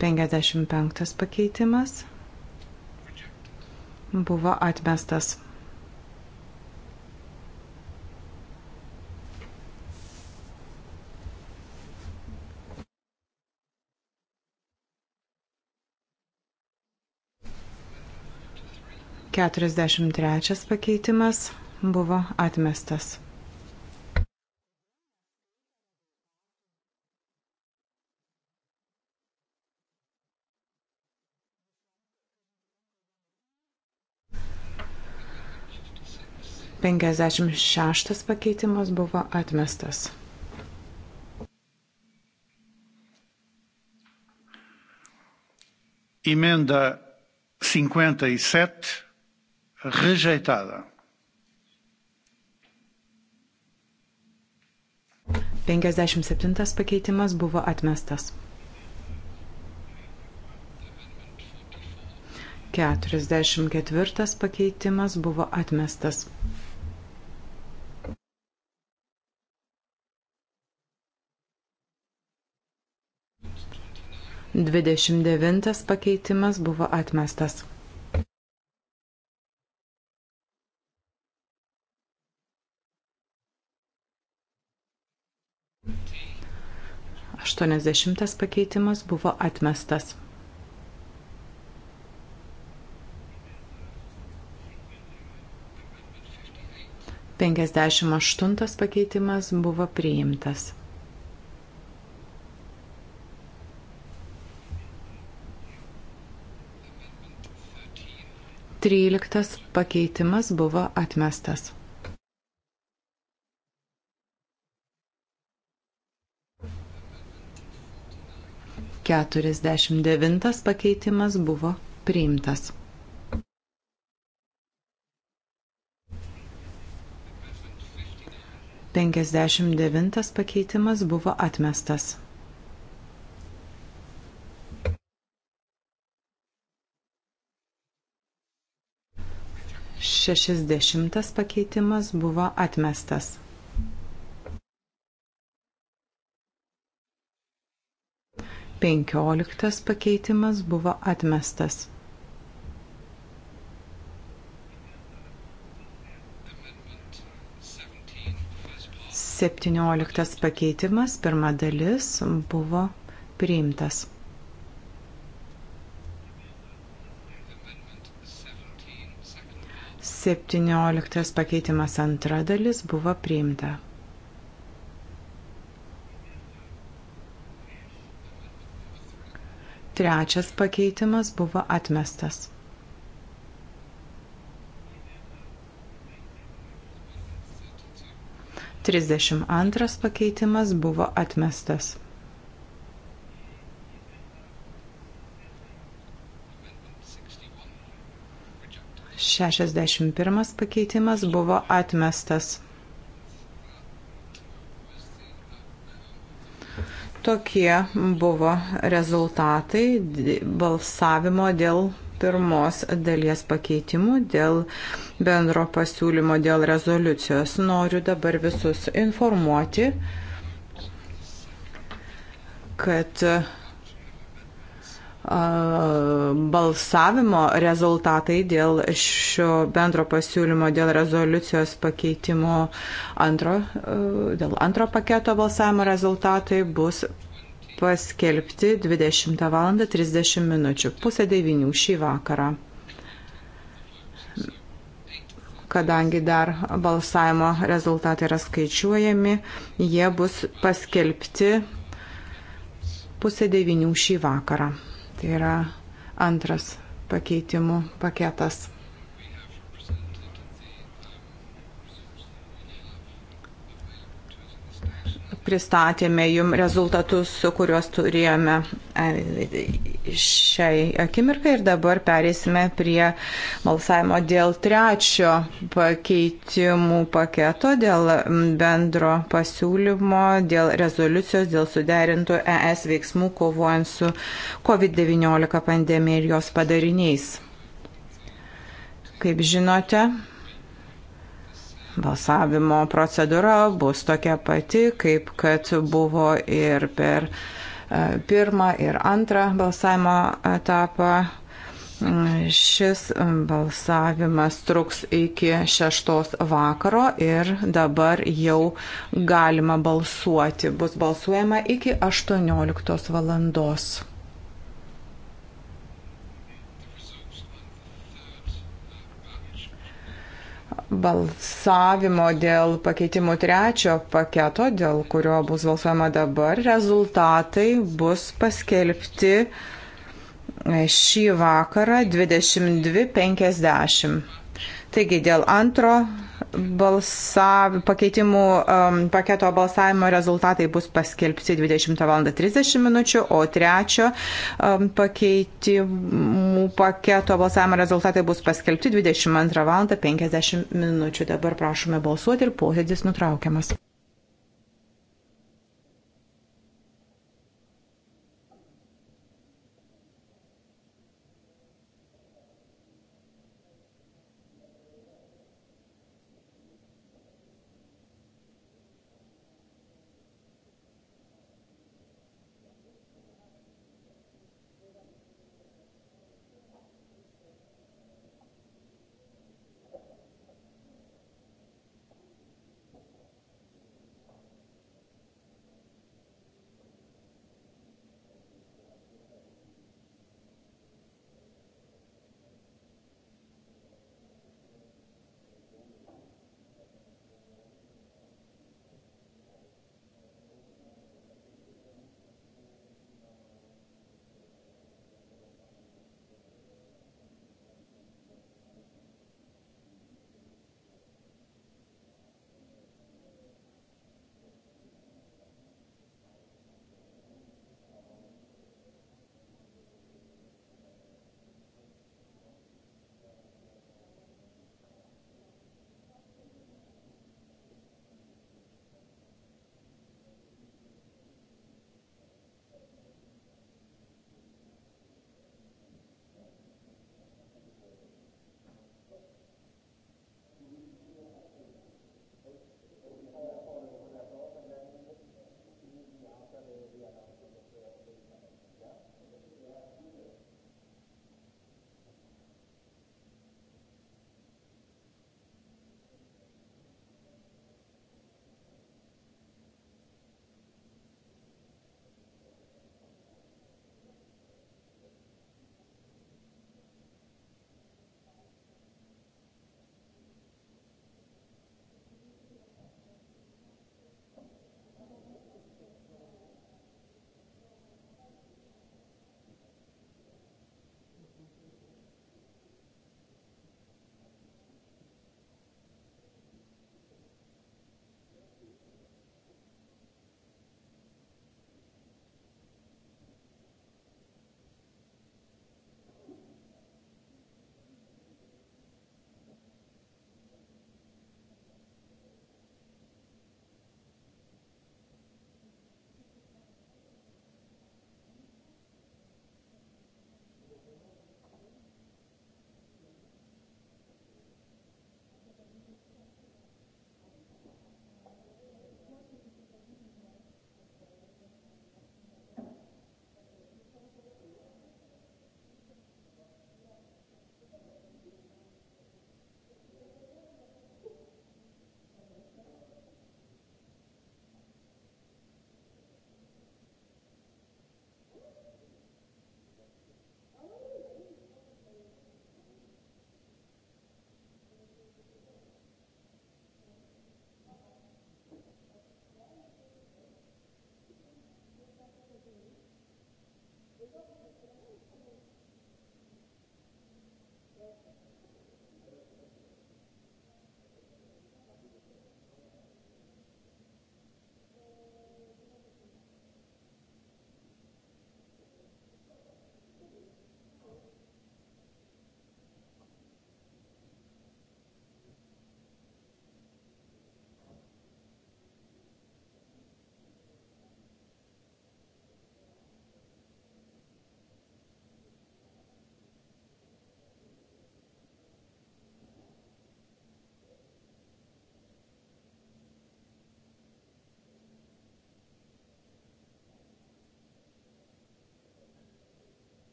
55 pakeitimas buvo atmestas. Keturiasdešimt trečias pakeitimas buvo atmestas. 56 pakeitimas buvo atmestas. Emenda 57 rejeitada. 57 pakeitimas buvo atmestas. 44 pakeitimas buvo atmestas. 29 pakeitimas buvo atmestas. Aštuoniasdešimtas pakeitimas buvo atmestas. Penkiasdešimt aštuntas pakeitimas buvo priimtas. 13 pakeitimas buvo atmestas. Keturiasdešimt devintas pakeitimas buvo priimtas. Penkiasdešimt devintas pakeitimas buvo atmestas. 60 pakeitimas buvo atmestas. Penkioliktas pakeitimas buvo atmestas. Septynioliktas pakeitimas, pirma dalis, buvo priimtas. 17 pakeitimas antra dalis buvo priimta. Trečias pakeitimas buvo atmestas. Trisdešimt antras pakeitimas buvo atmestas. 61 pakeitimas buvo atmestas. Tokie buvo rezultatai balsavimo dėl pirmos dalies pakeitimų dėl bendro pasiūlymo dėl rezoliucijos. Noriu dabar visus informuoti, kad balsavimo rezultatai dėl šio bendro pasiūlymo, dėl rezoliucijos pakeitimo antro, dėl antro paketo balsavimo rezultatai bus paskelbti 20 val. 30 minučių, pusę devynių šį vakarą. Kadangi dar balsavimo rezultatai yra skaičiuojami, jie bus paskelbti pusę devynių šį vakarą. Tai yra antras pakeitimų paketas. pristatėme jum rezultatus, kuriuos turėjome e, šiai akimirkai ir dabar perėsime prie balsavimo dėl trečio pakeitimų paketo, dėl bendro pasiūlymo, dėl rezoliucijos, dėl suderintų ES veiksmų kovojant su COVID-19 pandemija ir jos padariniais. Kaip žinote, Balsavimo procedūra bus tokia pati, kaip kad buvo ir per e, pirmą ir antrą balsavimo etapą. Šis balsavimas truks iki šeštos vakaro ir dabar jau galima balsuoti. Bus balsuojama iki 18 valandos. balsavimo dėl pakeitimų trečio paketo, dėl kurio bus balsuojama dabar, rezultatai bus paskelbti e, šį vakarą 22.50. Taigi dėl antro balsav, pakeitimų um, paketo balsavimo rezultatai bus paskelbti 20 val. 30 min. o trečio um, pakeitimų paketo balsavimo rezultatai bus paskelbti 22 val. 50 min. Dabar prašome balsuoti ir posėdis nutraukiamas.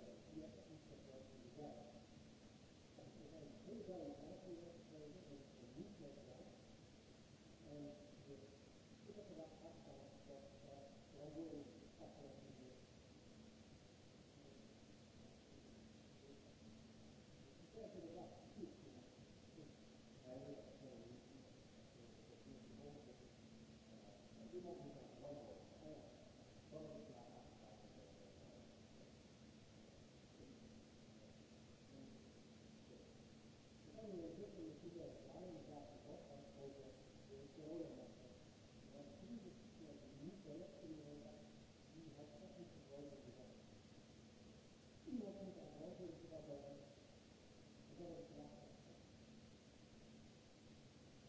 Thank you.